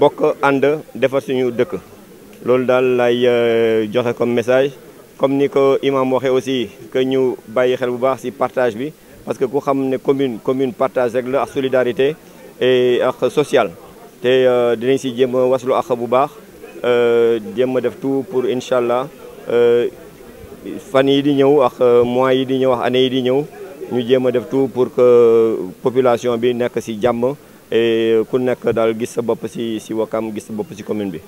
bokk ànd defar suñu dëkk loolu daal lay euh, joxe comme message comme ni ko imam waxee aussi que ñu bàyyi xel bu baax si partage bi parce que ku xam ne commune commune partage rek la ak solidarité e ak sociale te euh, dinañ si jéem a waslu ak bu baax euh, jéem a def tout pour incha allah fan yi di ñëw ak mois yi di ñëw ak année yi di ñëw ñu jéem a def tout pour que population bi nekk si jàmm et ku nekk daal gis sa bopp si si Wakam gis sa bopp si commune bi.